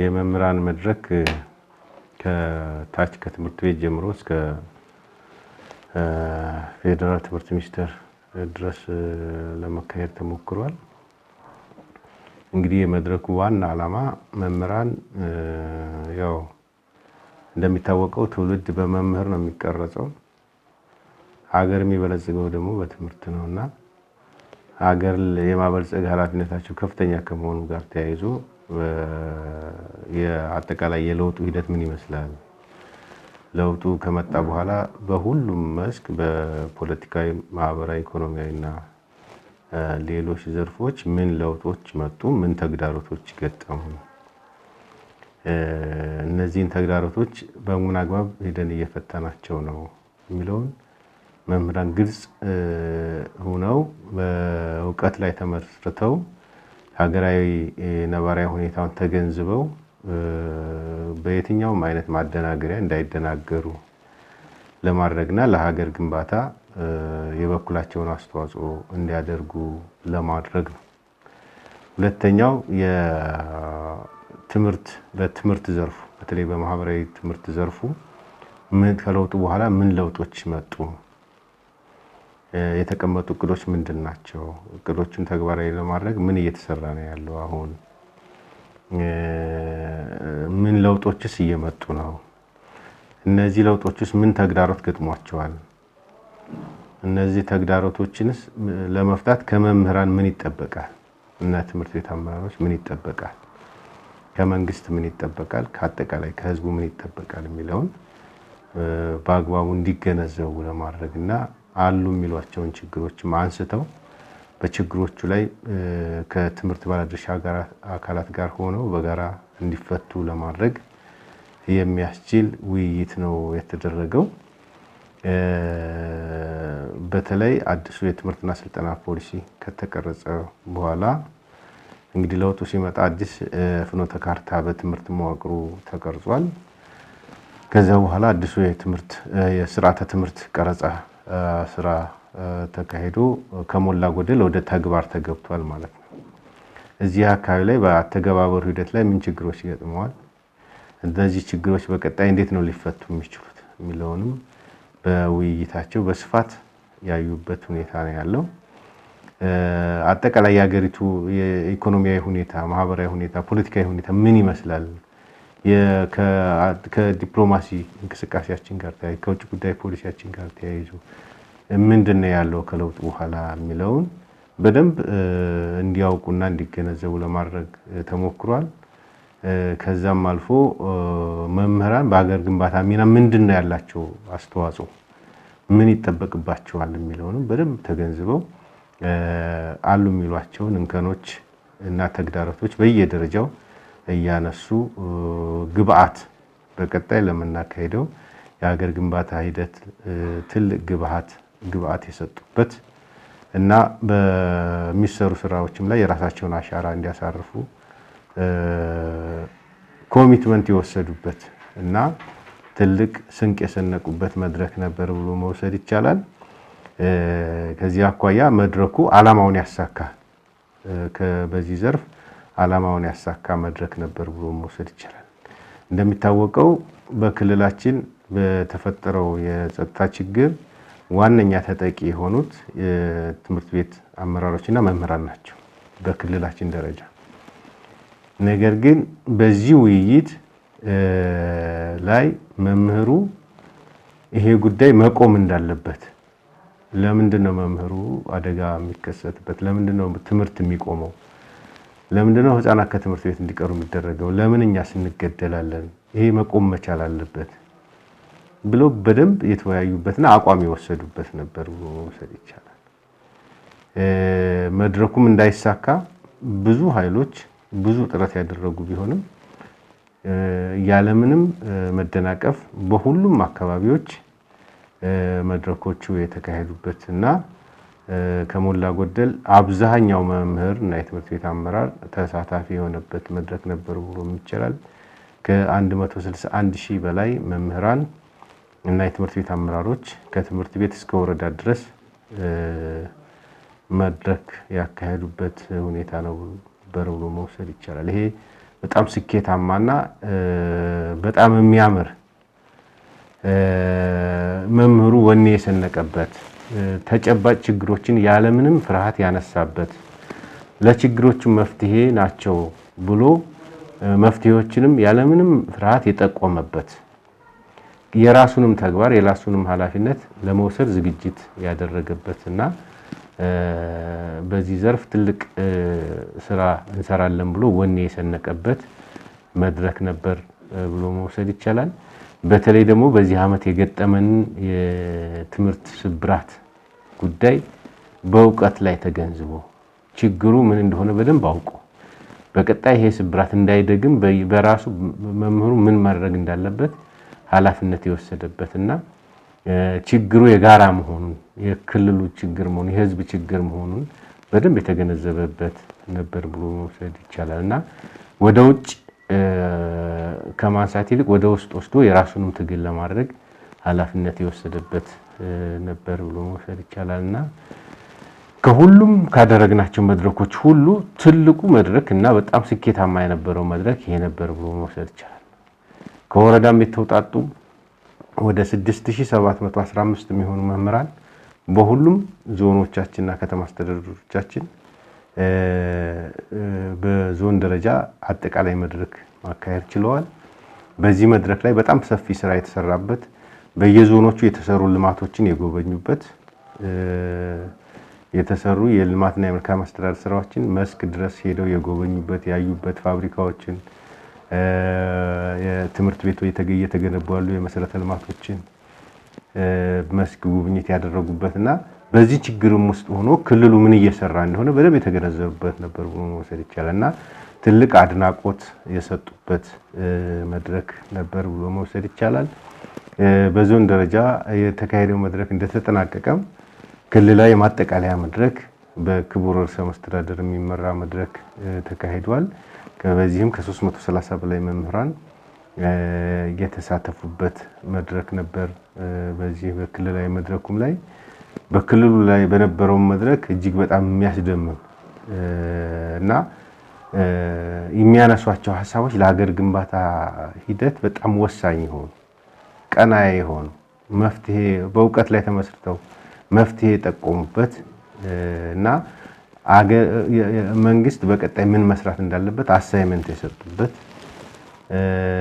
የመምህራን መድረክ ከታች ከትምህርት ቤት ጀምሮ እስከ ፌዴራል ትምህርት ሚኒስቴር ድረስ ለመካሄድ ተሞክሯል። እንግዲህ የመድረኩ ዋና ዓላማ መምህራን ያው እንደሚታወቀው ትውልድ በመምህር ነው የሚቀረጸው። ሀገር የሚበለጽገው ደግሞ በትምህርት ነው እና ሀገር የማበልጸግ ኃላፊነታቸው ከፍተኛ ከመሆኑ ጋር ተያይዞ አጠቃላይ የለውጡ ሂደት ምን ይመስላል? ለውጡ ከመጣ በኋላ በሁሉም መስክ በፖለቲካዊ፣ ማህበራዊ፣ ኢኮኖሚያዊና ሌሎች ዘርፎች ምን ለውጦች መጡ? ምን ተግዳሮቶች ገጠሙ? እነዚህን ተግዳሮቶች በምን አግባብ ሄደን እየፈተናቸው ነው የሚለውን መምህራን ግልጽ ሆነው በእውቀት ላይ ተመስርተው ሀገራዊ ነባራዊ ሁኔታውን ተገንዝበው በየትኛውም አይነት ማደናገሪያ እንዳይደናገሩ ለማድረግና ለሀገር ግንባታ የበኩላቸውን አስተዋጽኦ እንዲያደርጉ ለማድረግ ነው። ሁለተኛው የትምህርት በትምህርት ዘርፉ በተለይ በማህበራዊ ትምህርት ዘርፉ ምን ከለውጡ በኋላ ምን ለውጦች መጡ የተቀመጡ እቅዶች ምንድን ናቸው? እቅዶቹን ተግባራዊ ለማድረግ ምን እየተሰራ ነው ያለው? አሁን ምን ለውጦችስ እየመጡ ነው? እነዚህ ለውጦችስ ምን ተግዳሮት ገጥሟቸዋል? እነዚህ ተግዳሮቶችንስ ለመፍታት ከመምህራን ምን ይጠበቃል እና ትምህርት ቤት አመራሮች ምን ይጠበቃል? ከመንግስት ምን ይጠበቃል? ከአጠቃላይ ከህዝቡ ምን ይጠበቃል? የሚለውን በአግባቡ እንዲገነዘቡ ለማድረግ እና አሉ የሚሏቸውን ችግሮችም አንስተው በችግሮቹ ላይ ከትምህርት ባለድርሻ አካላት ጋር ሆነው በጋራ እንዲፈቱ ለማድረግ የሚያስችል ውይይት ነው የተደረገው። በተለይ አዲሱ የትምህርትና ስልጠና ፖሊሲ ከተቀረጸ በኋላ እንግዲህ ለውጡ ሲመጣ አዲስ ፍኖተ ካርታ በትምህርት መዋቅሩ ተቀርጿል። ከዚያ በኋላ አዲሱ የትምህርት የስርዓተ ትምህርት ቀረጻ ስራ ተካሂዶ ከሞላ ጎደል ወደ ተግባር ተገብቷል ማለት ነው። እዚህ አካባቢ ላይ በአተገባበሩ ሂደት ላይ ምን ችግሮች ይገጥመዋል፣ እነዚህ ችግሮች በቀጣይ እንዴት ነው ሊፈቱ የሚችሉት የሚለውንም በውይይታቸው በስፋት ያዩበት ሁኔታ ነው ያለው። አጠቃላይ የሀገሪቱ የኢኮኖሚያዊ ሁኔታ፣ ማህበራዊ ሁኔታ፣ ፖለቲካዊ ሁኔታ ምን ይመስላል ከዲፕሎማሲ እንቅስቃሴያችን ጋር ተያይዞ ከውጭ ጉዳይ ፖሊሲያችን ጋር ተያይዞ ምንድን ነው ያለው ከለውጥ በኋላ የሚለውን በደንብ እንዲያውቁና እንዲገነዘቡ ለማድረግ ተሞክሯል። ከዛም አልፎ መምህራን በሀገር ግንባታ ሚና ምንድን ነው ያላቸው አስተዋጽኦ፣ ምን ይጠበቅባቸዋል የሚለውንም በደንብ ተገንዝበው አሉ የሚሏቸውን እንከኖች እና ተግዳሮቶች በየደረጃው እያነሱ ግብአት በቀጣይ ለምናካሄደው የሀገር ግንባታ ሂደት ትልቅ ግብአት ግብአት የሰጡበት እና በሚሰሩ ስራዎችም ላይ የራሳቸውን አሻራ እንዲያሳርፉ ኮሚትመንት የወሰዱበት እና ትልቅ ስንቅ የሰነቁበት መድረክ ነበር ብሎ መውሰድ ይቻላል። ከዚህ አኳያ መድረኩ ዓላማውን ያሳካ በዚህ ዘርፍ ዓላማውን ያሳካ መድረክ ነበር ብሎ መውሰድ ይቻላል። እንደሚታወቀው በክልላችን በተፈጠረው የጸጥታ ችግር ዋነኛ ተጠቂ የሆኑት የትምህርት ቤት አመራሮችና መምህራን ናቸው በክልላችን ደረጃ። ነገር ግን በዚህ ውይይት ላይ መምህሩ ይሄ ጉዳይ መቆም እንዳለበት ለምንድን ነው መምህሩ አደጋ የሚከሰትበት? ለምንድን ነው ትምህርት የሚቆመው? ለምንድነው ህፃናት ከትምህርት ቤት እንዲቀሩ የሚደረገው? ለምን እኛስ እንገደላለን? ይሄ መቆም መቻል አለበት ብሎ በደንብ የተወያዩበትና አቋም የወሰዱበት ነበር ብሎ መውሰድ ይቻላል። መድረኩም እንዳይሳካ ብዙ ኃይሎች ብዙ ጥረት ያደረጉ ቢሆንም ያለምንም መደናቀፍ በሁሉም አካባቢዎች መድረኮቹ የተካሄዱበት እና ከሞላ ጎደል አብዛኛው መምህር እና የትምህርት ቤት አመራር ተሳታፊ የሆነበት መድረክ ነበር ብሎም ይችላል ከ ከ161 ሺህ በላይ መምህራን እና የትምህርት ቤት አመራሮች ከትምህርት ቤት እስከ ወረዳ ድረስ መድረክ ያካሄዱበት ሁኔታ ነው ብሎ መውሰድ ይቻላል። ይሄ በጣም ስኬታማና በጣም የሚያምር መምህሩ ወኔ የሰነቀበት ተጨባጭ ችግሮችን ያለምንም ፍርሃት ያነሳበት ለችግሮቹ መፍትሄ ናቸው ብሎ መፍትሄዎችንም ያለምንም ፍርሃት የጠቆመበት የራሱንም ተግባር የራሱንም ኃላፊነት ለመውሰድ ዝግጅት ያደረገበት እና በዚህ ዘርፍ ትልቅ ስራ እንሰራለን ብሎ ወኔ የሰነቀበት መድረክ ነበር ብሎ መውሰድ ይቻላል። በተለይ ደግሞ በዚህ ዓመት የገጠመን የትምህርት ስብራት ጉዳይ በእውቀት ላይ ተገንዝቦ ችግሩ ምን እንደሆነ በደንብ አውቆ በቀጣይ ይሄ ስብራት እንዳይደግም በራሱ መምህሩ ምን ማድረግ እንዳለበት ኃላፊነት የወሰደበት እና ችግሩ የጋራ መሆኑን የክልሉ ችግር መሆኑን የሕዝብ ችግር መሆኑን በደንብ የተገነዘበበት ነበር ብሎ መውሰድ ይቻላል እና ወደ ውጭ ከማንሳት ይልቅ ወደ ውስጥ ወስዶ የራሱንም ትግል ለማድረግ ኃላፊነት የወሰደበት ነበር ብሎ መውሰድ ይቻላል እና ከሁሉም ካደረግናቸው መድረኮች ሁሉ ትልቁ መድረክ እና በጣም ስኬታማ የነበረው መድረክ ይሄ ነበር ብሎ መውሰድ ይቻላል። ከወረዳም የተውጣጡ ወደ 6715 የሚሆኑ መምህራን በሁሉም ዞኖቻችንና ከተማ አስተዳደሮቻችን በዞን ደረጃ አጠቃላይ መድረክ ማካሄድ ችለዋል። በዚህ መድረክ ላይ በጣም ሰፊ ስራ የተሰራበት በየዞኖቹ የተሰሩ ልማቶችን የጎበኙበት የተሰሩ የልማትና የመልካም አስተዳደር ስራዎችን መስክ ድረስ ሄደው የጎበኙበት ያዩበት፣ ፋብሪካዎችን፣ ትምህርት ቤቶች የተገነቡ ያሉ የመሰረተ ልማቶችን መስክ ጉብኝት ያደረጉበትና በዚህ ችግርም ውስጥ ሆኖ ክልሉ ምን እየሰራ እንደሆነ በደንብ የተገነዘቡበት ነበር ብሎ መውሰድ ይቻላል እና ትልቅ አድናቆት የሰጡበት መድረክ ነበር ብሎ መውሰድ ይቻላል። በዞን ደረጃ የተካሄደው መድረክ እንደተጠናቀቀም ክልላዊ የማጠቃለያ መድረክ በክቡር እርሰ መስተዳደር የሚመራ መድረክ ተካሂዷል። በዚህም ከ330 በላይ መምህራን የተሳተፉበት መድረክ ነበር። በዚህ በክልላዊ መድረኩም ላይ በክልሉ ላይ በነበረው መድረክ እጅግ በጣም የሚያስደምም እና የሚያነሷቸው ሀሳቦች ለሀገር ግንባታ ሂደት በጣም ወሳኝ የሆኑ ቀና የሆኑ መፍትሄ በእውቀት ላይ ተመስርተው መፍትሄ የጠቆሙበት እና መንግስት በቀጣይ ምን መስራት እንዳለበት አሳይመንት የሰጡበት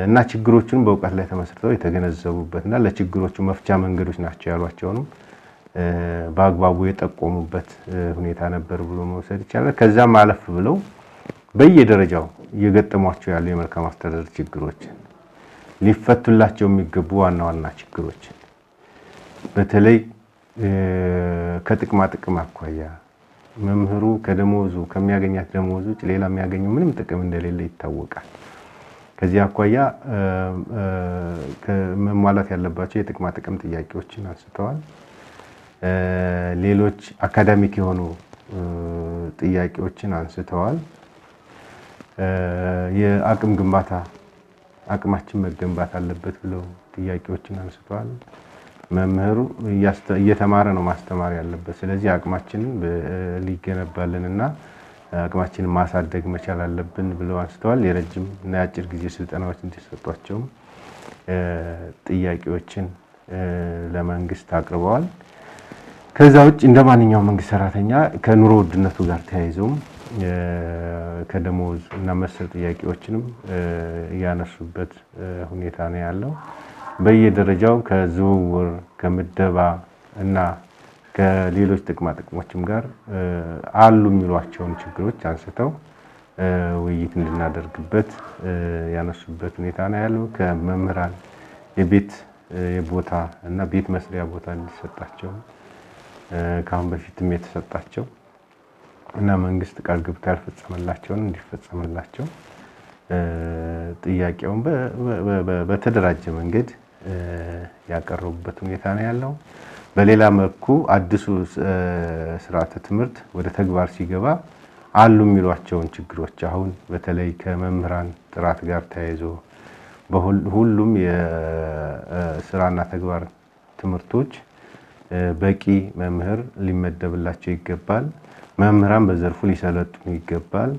እና ችግሮቹን በእውቀት ላይ ተመስርተው የተገነዘቡበት እና ለችግሮቹ መፍቻ መንገዶች ናቸው ያሏቸውንም በአግባቡ የጠቆሙበት ሁኔታ ነበር ብሎ መውሰድ ይቻላል። ከዛም አለፍ ብለው በየደረጃው እየገጠሟቸው ያሉ የመልካም አስተዳደር ችግሮችን ሊፈቱላቸው የሚገቡ ዋና ዋና ችግሮችን በተለይ ከጥቅማ ጥቅም አኳያ መምህሩ ከደሞዙ ከሚያገኛት ደሞዝ ውጭ ሌላ የሚያገኘው ምንም ጥቅም እንደሌለ ይታወቃል። ከዚህ አኳያ መሟላት ያለባቸው የጥቅማ ጥቅም ጥያቄዎችን አንስተዋል። ሌሎች አካዳሚክ የሆኑ ጥያቄዎችን አንስተዋል። የአቅም ግንባታ አቅማችን መገንባት አለበት ብለው ጥያቄዎችን አንስተዋል። መምህሩ እየተማረ ነው ማስተማር ያለበት። ስለዚህ አቅማችንን ሊገነባልን እና አቅማችንን ማሳደግ መቻል አለብን ብለው አንስተዋል። የረጅም እና የአጭር ጊዜ ስልጠናዎች እንዲሰጧቸውም ጥያቄዎችን ለመንግስት አቅርበዋል። ከዛ ውጭ እንደ ማንኛውም መንግስት ሰራተኛ ከኑሮ ውድነቱ ጋር ተያይዘውም ከደሞዝ እና መሰል ጥያቄዎችንም ያነሱበት ሁኔታ ነው ያለው። በየደረጃው ከዝውውር ከምደባ እና ከሌሎች ጥቅማ ጥቅሞችም ጋር አሉ የሚሏቸውን ችግሮች አንስተው ውይይት እንድናደርግበት ያነሱበት ሁኔታ ነው ያለው። ከመምህራን የቤት የቦታ እና ቤት መስሪያ ቦታ እንዲሰጣቸው ከአሁን በፊትም የተሰጣቸው እና መንግስት ቃል ገብቶ ያልፈጸመላቸውን እንዲፈጸምላቸው ጥያቄውን በተደራጀ መንገድ ያቀረቡበት ሁኔታ ነው ያለው። በሌላ መልኩ አዲሱ ስርዓተ ትምህርት ወደ ተግባር ሲገባ አሉ የሚሏቸውን ችግሮች አሁን በተለይ ከመምህራን ጥራት ጋር ተያይዞ በሁሉም የስራና ተግባር ትምህርቶች በቂ መምህር ሊመደብላቸው ይገባል። መምህራን በዘርፉ ሊሰለጥኑ ይገባል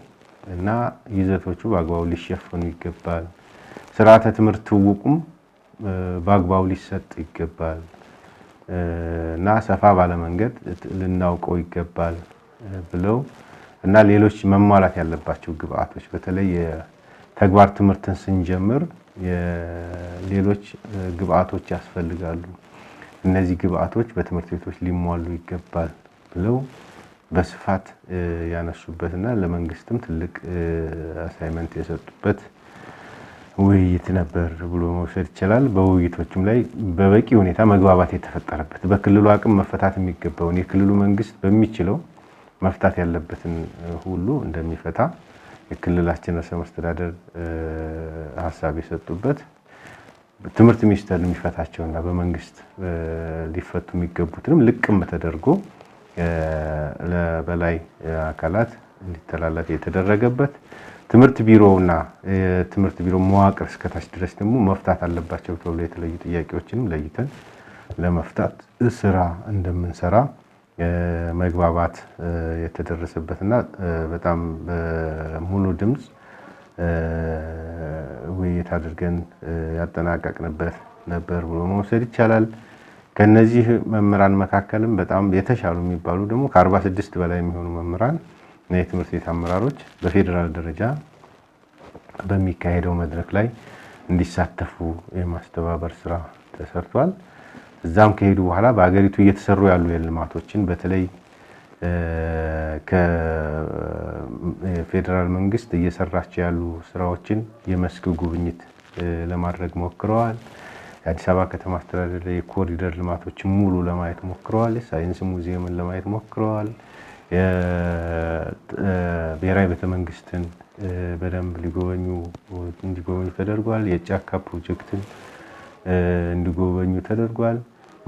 እና ይዘቶቹ በአግባቡ ሊሸፈኑ ይገባል። ስርዓተ ትምህርት ውቁም በአግባቡ ሊሰጥ ይገባል እና ሰፋ ባለመንገድ ልናውቀው ይገባል ብለው እና ሌሎች መሟላት ያለባቸው ግብአቶች በተለይ የተግባር ትምህርትን ስንጀምር ሌሎች ግብአቶች ያስፈልጋሉ። እነዚህ ግብአቶች በትምህርት ቤቶች ሊሟሉ ይገባል ብለው በስፋት ያነሱበትና ለመንግስትም ትልቅ አሳይመንት የሰጡበት ውይይት ነበር ብሎ መውሰድ ይችላል በውይይቶችም ላይ በበቂ ሁኔታ መግባባት የተፈጠረበት በክልሉ አቅም መፈታት የሚገባውን የክልሉ መንግስት በሚችለው መፍታት ያለበትን ሁሉ እንደሚፈታ የክልላችን ርዕሰ መስተዳደር ሀሳብ የሰጡበት ትምህርት ሚኒስቴር የሚፈታቸውና በመንግስት ሊፈቱ የሚገቡትንም ልቅም ተደርጎ ለበላይ አካላት እንዲተላለፍ የተደረገበት ትምህርት ቢሮውና የትምህርት ቢሮ መዋቅር እስከታች ድረስ ደግሞ መፍታት አለባቸው ተብሎ የተለዩ ጥያቄዎችንም ለይተን ለመፍታት ስራ እንደምንሰራ መግባባት የተደረሰበትና በጣም ሙሉ ድምፅ ውይይት አድርገን ያጠናቀቅንበት ነበር ብሎ መውሰድ ይቻላል። ከነዚህ መምህራን መካከልም በጣም የተሻሉ የሚባሉ ደግሞ ከ46 በላይ የሚሆኑ መምህራን እና የትምህርት ቤት አመራሮች በፌዴራል ደረጃ በሚካሄደው መድረክ ላይ እንዲሳተፉ የማስተባበር ስራ ተሰርቷል። እዛም ከሄዱ በኋላ በሀገሪቱ እየተሰሩ ያሉ የልማቶችን በተለይ ከፌዴራል መንግስት እየሰራቸው ያሉ ስራዎችን የመስክ ጉብኝት ለማድረግ ሞክረዋል። የአዲስ አበባ ከተማ አስተዳደር የኮሪደር ልማቶችን ሙሉ ለማየት ሞክረዋል። የሳይንስ ሙዚየምን ለማየት ሞክረዋል። ብሔራዊ ቤተመንግስትን በደንብ ሊጎበኙ እንዲጎበኙ ተደርጓል። የጫካ ፕሮጀክትን እንዲጎበኙ ተደርጓል።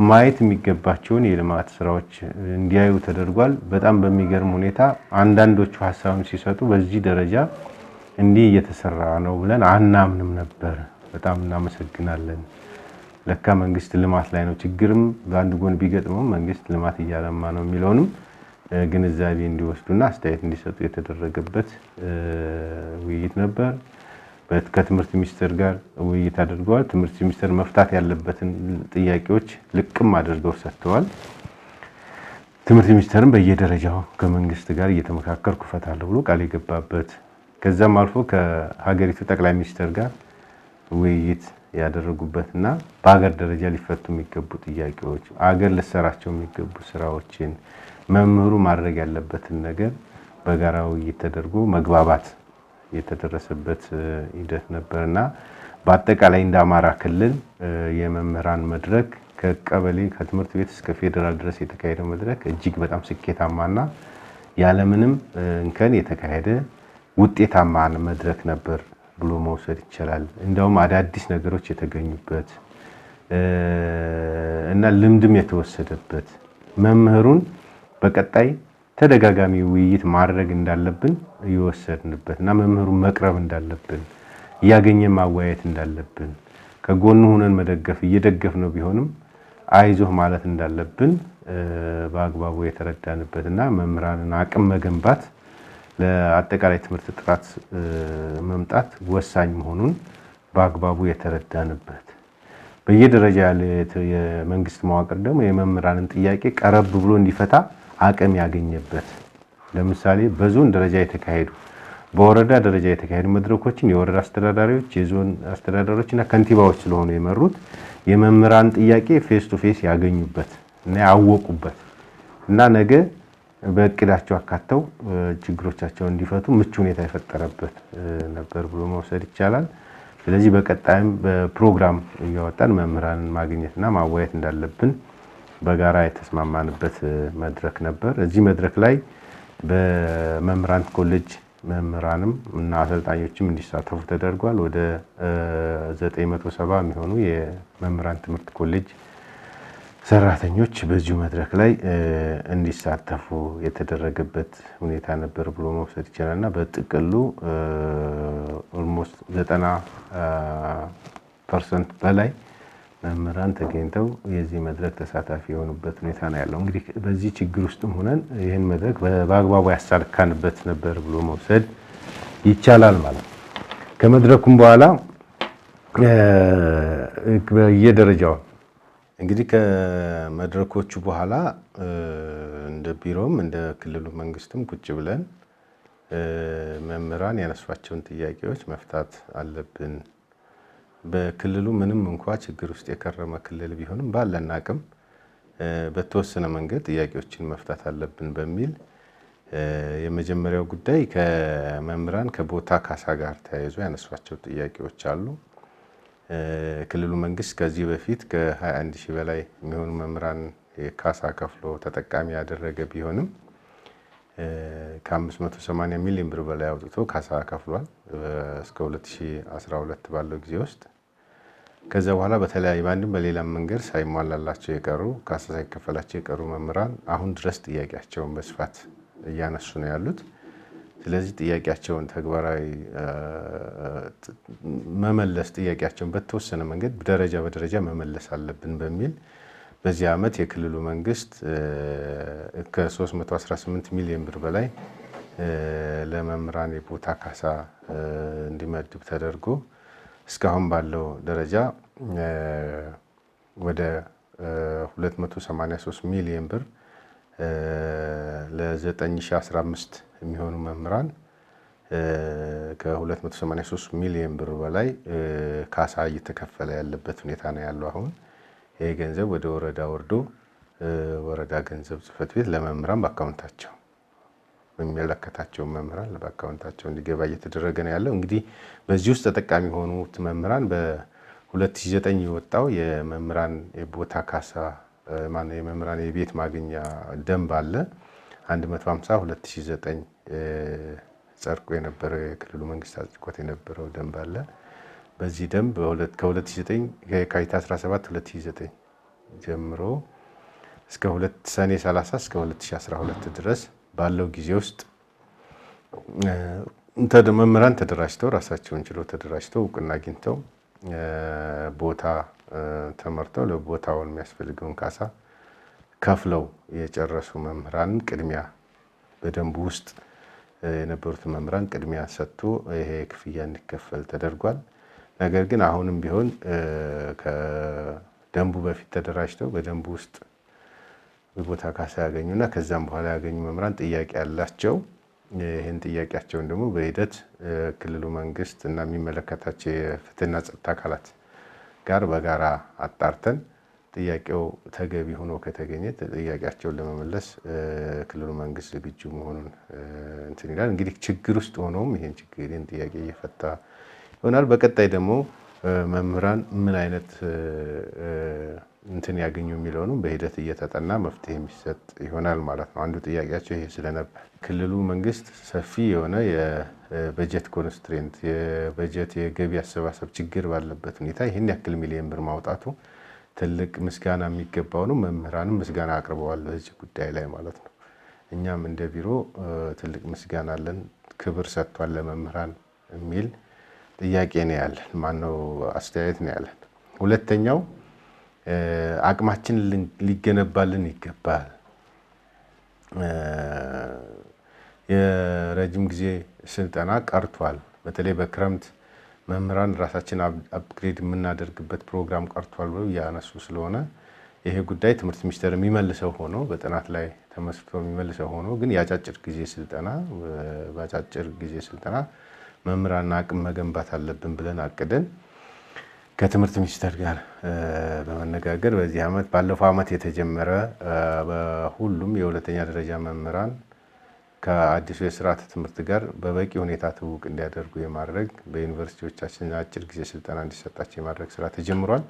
ማየት የሚገባቸውን የልማት ስራዎች እንዲያዩ ተደርጓል። በጣም በሚገርም ሁኔታ አንዳንዶቹ ሀሳብም ሲሰጡ በዚህ ደረጃ እንዲህ እየተሰራ ነው ብለን አናምንም ነበር። በጣም እናመሰግናለን። ለካ መንግስት ልማት ላይ ነው፣ ችግርም በአንድ ጎን ቢገጥመው መንግስት ልማት እያለማ ነው የሚለውንም ግንዛቤ እንዲወስዱና አስተያየት እንዲሰጡ የተደረገበት ውይይት ነበር። ከትምህርት ሚኒስቴር ጋር ውይይት አድርገዋል። ትምህርት ሚኒስቴር መፍታት ያለበትን ጥያቄዎች ልቅም አድርገው ሰጥተዋል። ትምህርት ሚኒስቴርም በየደረጃው ከመንግስት ጋር እየተመካከርኩ እፈታለሁ ብሎ ቃል የገባበት ከዛም አልፎ ከሀገሪቱ ጠቅላይ ሚኒስቴር ጋር ውይይት ያደረጉበት እና በሀገር ደረጃ ሊፈቱ የሚገቡ ጥያቄዎች፣ አገር ልሰራቸው የሚገቡ ስራዎችን መምህሩ ማድረግ ያለበትን ነገር በጋራ ውይይት ተደርጎ መግባባት የተደረሰበት ሂደት ነበር በአጠቃላይ እንደ አማራ ክልል የመምህራን መድረክ ከቀበሌ ከትምህርት ቤት እስከ ፌዴራል ድረስ የተካሄደው መድረክ እጅግ በጣም ስኬታማና ያለምንም እንከን የተካሄደ ውጤታማ መድረክ ነበር ብሎ መውሰድ ይቻላል። እንደውም አዳዲስ ነገሮች የተገኙበት እና ልምድም የተወሰደበት መምህሩን በቀጣይ ተደጋጋሚ ውይይት ማድረግ እንዳለብን እየወሰድንበት እና መምህሩን መቅረብ እንዳለብን እያገኘ ማወያየት እንዳለብን ከጎኑ ሆነን መደገፍ እየደገፍ ነው ቢሆንም አይዞህ ማለት እንዳለብን በአግባቡ የተረዳንበት እና መምህራንን አቅም መገንባት ለአጠቃላይ ትምህርት ጥራት መምጣት ወሳኝ መሆኑን በአግባቡ የተረዳንበት በየደረጃ ያለ የመንግስት መዋቅር ደግሞ የመምህራንን ጥያቄ ቀረብ ብሎ እንዲፈታ አቅም ያገኘበት ለምሳሌ በዞን ደረጃ የተካሄዱ በወረዳ ደረጃ የተካሄዱ መድረኮችን የወረዳ አስተዳዳሪዎች፣ የዞን አስተዳዳሪዎች እና ከንቲባዎች ስለሆኑ የመሩት የመምህራን ጥያቄ ፌስ ቱ ፌስ ያገኙበት እና ያወቁበት እና ነገ በእቅዳቸው አካተው ችግሮቻቸውን እንዲፈቱ ምቹ ሁኔታ የፈጠረበት ነበር ብሎ መውሰድ ይቻላል። ስለዚህ በቀጣይም በፕሮግራም እያወጣን መምህራንን ማግኘትና ማዋየት እንዳለብን በጋራ የተስማማንበት መድረክ ነበር። እዚህ መድረክ ላይ በመምህራን ኮሌጅ መምህራንም እና አሰልጣኞችም እንዲሳተፉ ተደርጓል። ወደ 970 የሚሆኑ የመምህራን ትምህርት ኮሌጅ ሰራተኞች በዚሁ መድረክ ላይ እንዲሳተፉ የተደረገበት ሁኔታ ነበር ብሎ መውሰድ ይችላል እና በጥቅሉ ኦልሞስት ዘጠና ፐርሰንት በላይ መምህራን ተገኝተው የዚህ መድረክ ተሳታፊ የሆኑበት ሁኔታ ነው ያለው። እንግዲህ በዚህ ችግር ውስጥም ሆነን ይህን መድረክ በአግባቡ ያሳካንበት ነበር ብሎ መውሰድ ይቻላል ማለት ነው። ከመድረኩም በኋላ በየደረጃው እንግዲህ ከመድረኮቹ በኋላ እንደ ቢሮም እንደ ክልሉ መንግስትም ቁጭ ብለን መምህራን ያነሷቸውን ጥያቄዎች መፍታት አለብን በክልሉ ምንም እንኳ ችግር ውስጥ የከረመ ክልል ቢሆንም ባለን አቅም በተወሰነ መንገድ ጥያቄዎችን መፍታት አለብን በሚል የመጀመሪያው ጉዳይ ከመምህራን ከቦታ ካሳ ጋር ተያይዞ ያነሷቸው ጥያቄዎች አሉ። ክልሉ መንግስት ከዚህ በፊት ከ21 ሺህ በላይ የሚሆኑ መምህራን ካሳ ከፍሎ ተጠቃሚ ያደረገ ቢሆንም ከ580 ሚሊዮን ብር በላይ አውጥቶ ካሳ ከፍሏል እስከ 2012 ባለው ጊዜ ውስጥ። ከዛ በኋላ በተለያዩ በአንድም በሌላም መንገድ ሳይሟላላቸው የቀሩ ካሳ ሳይከፈላቸው የቀሩ መምህራን አሁን ድረስ ጥያቄያቸውን በስፋት እያነሱ ነው ያሉት። ስለዚህ ጥያቄያቸውን ተግባራዊ መመለስ ጥያቄያቸውን በተወሰነ መንገድ ደረጃ በደረጃ መመለስ አለብን በሚል በዚህ ዓመት የክልሉ መንግስት ከ318 ሚሊዮን ብር በላይ ለመምህራን የቦታ ካሳ እንዲመድብ ተደርጎ እስካሁን ባለው ደረጃ ወደ 283 ሚሊዮን ብር ለ9015 የሚሆኑ መምህራን ከ283 ሚሊዮን ብር በላይ ካሳ እየተከፈለ ያለበት ሁኔታ ነው ያለው አሁን። ይሄ ገንዘብ ወደ ወረዳ ወርዶ ወረዳ ገንዘብ ጽህፈት ቤት ለመምህራን በአካውንታቸው የሚመለከታቸውን መምህራን በአካውንታቸው እንዲገባ እየተደረገ ነው ያለው። እንግዲህ በዚህ ውስጥ ተጠቃሚ የሆኑት መምህራን በ2009 የወጣው የመምህራን የቦታ ካሳ የመምህራን የቤት ማግኛ ደንብ አለ 150 2009 ጸድቆ የነበረው የክልሉ መንግስት አጽድቆት የነበረው ደንብ አለ በዚህ ደንብ ከ2009 የካቲት 17 2009 ጀምሮ እስከ ሰኔ 30 እስከ 2012 ድረስ ባለው ጊዜ ውስጥ መምህራን ተደራጅተው ራሳቸውን ችለው ተደራጅተው እውቅና አግኝተው ቦታ ተመርተው ለቦታውን የሚያስፈልገውን ካሳ ከፍለው የጨረሱ መምህራን ቅድሚያ በደንቡ ውስጥ የነበሩትን መምህራን ቅድሚያ ሰጥቶ ይሄ ክፍያ እንዲከፈል ተደርጓል። ነገር ግን አሁንም ቢሆን ከደንቡ በፊት ተደራጅተው በደንቡ ውስጥ ቦታ ካሳ ያገኙና ከዛም በኋላ ያገኙ መምህራን ጥያቄ ያላቸው ይህን ጥያቄያቸውን ደግሞ በሂደት ክልሉ መንግስት እና የሚመለከታቸው የፍትህና ጸጥታ አካላት ጋር በጋራ አጣርተን ጥያቄው ተገቢ ሆኖ ከተገኘ ጥያቄያቸውን ለመመለስ ክልሉ መንግስት ዝግጁ መሆኑን እንትን ይላል። እንግዲህ ችግር ውስጥ ሆኖም ይህን ችግር ይህን ጥያቄ እየፈታ ይሆናል። በቀጣይ ደግሞ መምህራን ምን አይነት እንትን ያገኙ የሚለውንም በሂደት እየተጠና መፍትሄ የሚሰጥ ይሆናል ማለት ነው። አንዱ ጥያቄያቸው ይሄ ስለነበር ክልሉ መንግስት ሰፊ የሆነ የበጀት ኮንስትሬንት የበጀት የገቢ አሰባሰብ ችግር ባለበት ሁኔታ ይህን ያክል ሚሊዮን ብር ማውጣቱ ትልቅ ምስጋና የሚገባው ነው። መምህራንም ምስጋና አቅርበዋል በዚህ ጉዳይ ላይ ማለት ነው። እኛም እንደ ቢሮ ትልቅ ምስጋና አለን። ክብር ሰጥቷል ለመምህራን የሚል ጥያቄ ነው ያለን፣ ማነው አስተያየት ነው ያለን። ሁለተኛው አቅማችን ሊገነባልን ይገባል። የረጅም ጊዜ ስልጠና ቀርቷል። በተለይ በክረምት መምህራን ራሳችን አፕግሬድ የምናደርግበት ፕሮግራም ቀርቷል ብለው እያነሱ ስለሆነ ይሄ ጉዳይ ትምህርት ሚኒስቴር የሚመልሰው ሆኖ በጥናት ላይ ተመስርቶ የሚመልሰው ሆኖ ግን የአጫጭር ጊዜ ስልጠና በአጫጭር ጊዜ ስልጠና መምህራን አቅም መገንባት አለብን ብለን አቅደን ከትምህርት ሚኒስቴር ጋር በመነጋገር በዚህ ዓመት ባለፈው ዓመት የተጀመረ በሁሉም የሁለተኛ ደረጃ መምህራን ከአዲሱ የስርዓተ ትምህርት ጋር በበቂ ሁኔታ ትውውቅ እንዲያደርጉ የማድረግ በዩኒቨርሲቲዎቻችን አጭር ጊዜ ስልጠና እንዲሰጣቸው የማድረግ ስራ ተጀምሯል።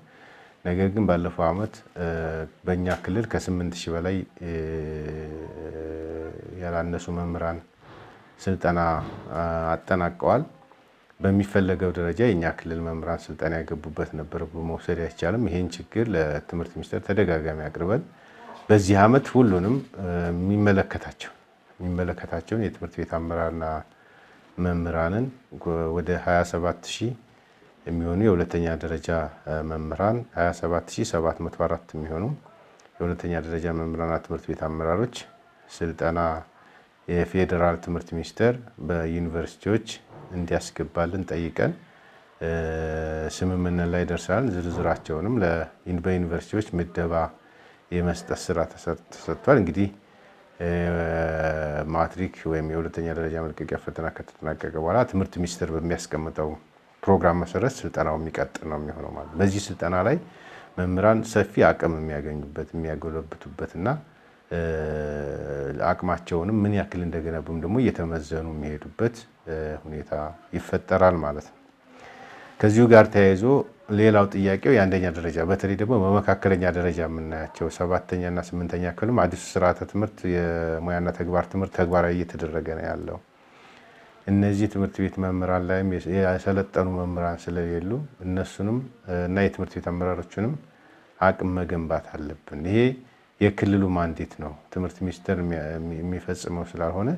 ነገር ግን ባለፈው ዓመት በእኛ ክልል ከስምንት ሺህ በላይ ያላነሱ መምህራን ስልጠና አጠናቀዋል። በሚፈለገው ደረጃ የእኛ ክልል መምህራን ስልጠና ያገቡበት ነበር፣ መውሰድ አይቻልም። ይህን ችግር ለትምህርት ሚኒስቴር ተደጋጋሚ አቅርበን በዚህ ዓመት ሁሉንም የሚመለከታቸው የሚመለከታቸውን የትምህርት ቤት አመራርና መምህራንን ወደ 27 ሺህ የሚሆኑ የሁለተኛ ደረጃ መምህራን 27704 የሚሆኑ የሁለተኛ ደረጃ መምህራንና ትምህርት ቤት አመራሮች ስልጠና የፌዴራል ትምህርት ሚኒስቴር በዩኒቨርሲቲዎች እንዲያስገባልን ጠይቀን ስምምነት ላይ ደርሰናል። ዝርዝራቸውንም በዩኒቨርሲቲዎች ምደባ የመስጠት ስራ ተሰጥቷል። እንግዲህ ማትሪክ ወይም የሁለተኛ ደረጃ መልቀቂያ ፈተና ከተጠናቀቀ በኋላ ትምህርት ሚኒስቴር በሚያስቀምጠው ፕሮግራም መሰረት ስልጠናው የሚቀጥል ነው የሚሆነው ማለት በዚህ ስልጠና ላይ መምህራን ሰፊ አቅም የሚያገኙበት የሚያጎለብቱበትና አቅማቸውንም ምን ያክል እንደገነቡም ደግሞ እየተመዘኑ የሚሄዱበት ሁኔታ ይፈጠራል ማለት ነው። ከዚሁ ጋር ተያይዞ ሌላው ጥያቄው የአንደኛ ደረጃ በተለይ ደግሞ በመካከለኛ ደረጃ የምናያቸው ሰባተኛና ስምንተኛ ክፍልም አዲሱ ስርዓተ ትምህርት የሙያና ተግባር ትምህርት ተግባራዊ እየተደረገ ነው ያለው። እነዚህ ትምህርት ቤት መምህራን ላይም የሰለጠኑ መምህራን ስለሌሉ እነሱንም እና የትምህርት ቤት አመራሮችንም አቅም መገንባት አለብን። ይሄ የክልሉ ማንዴት ነው፣ ትምህርት ሚኒስቴር የሚፈጽመው ስላልሆነ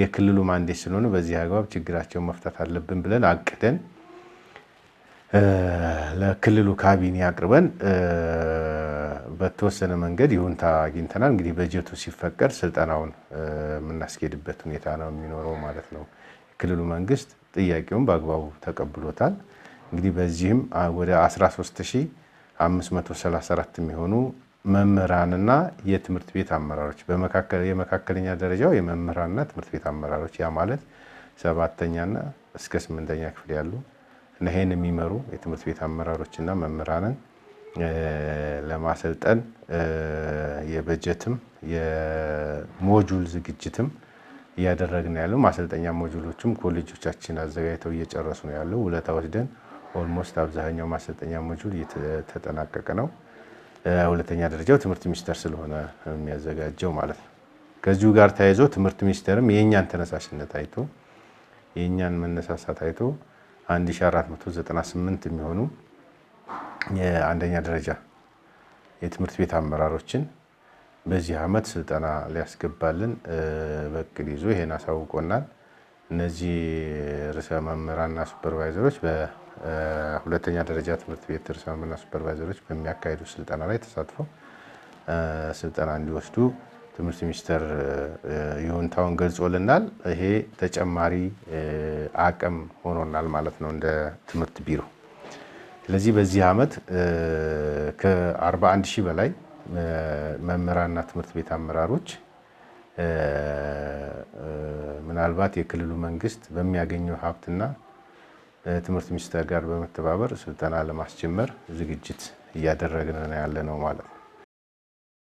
የክልሉ ማንዴት ስለሆነ በዚህ አግባብ ችግራቸውን መፍታት አለብን ብለን አቅደን ለክልሉ ካቢኔ አቅርበን በተወሰነ መንገድ ይሁንታ አግኝተናል። እንግዲህ በጀቱ ሲፈቀድ ስልጠናውን የምናስኬድበት ሁኔታ ነው የሚኖረው ማለት ነው። የክልሉ መንግስት ጥያቄውን በአግባቡ ተቀብሎታል። እንግዲህ በዚህም ወደ 13534 የሚሆኑ መምህራንና የትምህርት ቤት አመራሮች የመካከለኛ ደረጃው የመምህራንና ትምህርት ቤት አመራሮች ያ ማለት ሰባተኛና እስከ ስምንተኛ ክፍል ያሉ እና ይህን የሚመሩ የትምህርት ቤት አመራሮችና መምህራንን ለማሰልጠን የበጀትም የሞጁል ዝግጅትም እያደረግን ያለው ማሰልጠኛ ሞጁሎችም ኮሌጆቻችን አዘጋጅተው እየጨረሱ ነው ያለው። ውለታ ወስደን ኦልሞስት አብዛኛው ማሰልጠኛ ሞጁል እየተጠናቀቀ ነው። ሁለተኛ ደረጃው ትምህርት ሚኒስቴር ስለሆነ የሚያዘጋጀው ማለት ነው። ከዚሁ ጋር ተያይዞ ትምህርት ሚኒስቴርም የእኛን ተነሳሽነት አይቶ የእኛን መነሳሳት አይቶ 1498 የሚሆኑ የአንደኛ ደረጃ የትምህርት ቤት አመራሮችን በዚህ ዓመት ስልጠና ሊያስገባልን በእቅድ ይዞ ይሄን አሳውቆናል። እነዚህ ርዕሰ መምህራንና ሱፐርቫይዘሮች ሁለተኛ ደረጃ ትምህርት ቤት ርዕሰ ሱፐርቫይዘሮች በሚያካሄዱ ስልጠና ላይ ተሳትፎ ስልጠና እንዲወስዱ ትምህርት ሚኒስቴር ይሁንታውን ገልጾልናል። ይሄ ተጨማሪ አቅም ሆኖናል ማለት ነው እንደ ትምህርት ቢሮ። ስለዚህ በዚህ ዓመት ከ41 ሺህ በላይ መምህራንና ትምህርት ቤት አመራሮች ምናልባት የክልሉ መንግስት በሚያገኘው ሀብትና ትምህርት ሚኒስቴር ጋር በመተባበር ስልጠና ለማስጀመር ዝግጅት እያደረግን ያለ ነው ማለት ነው።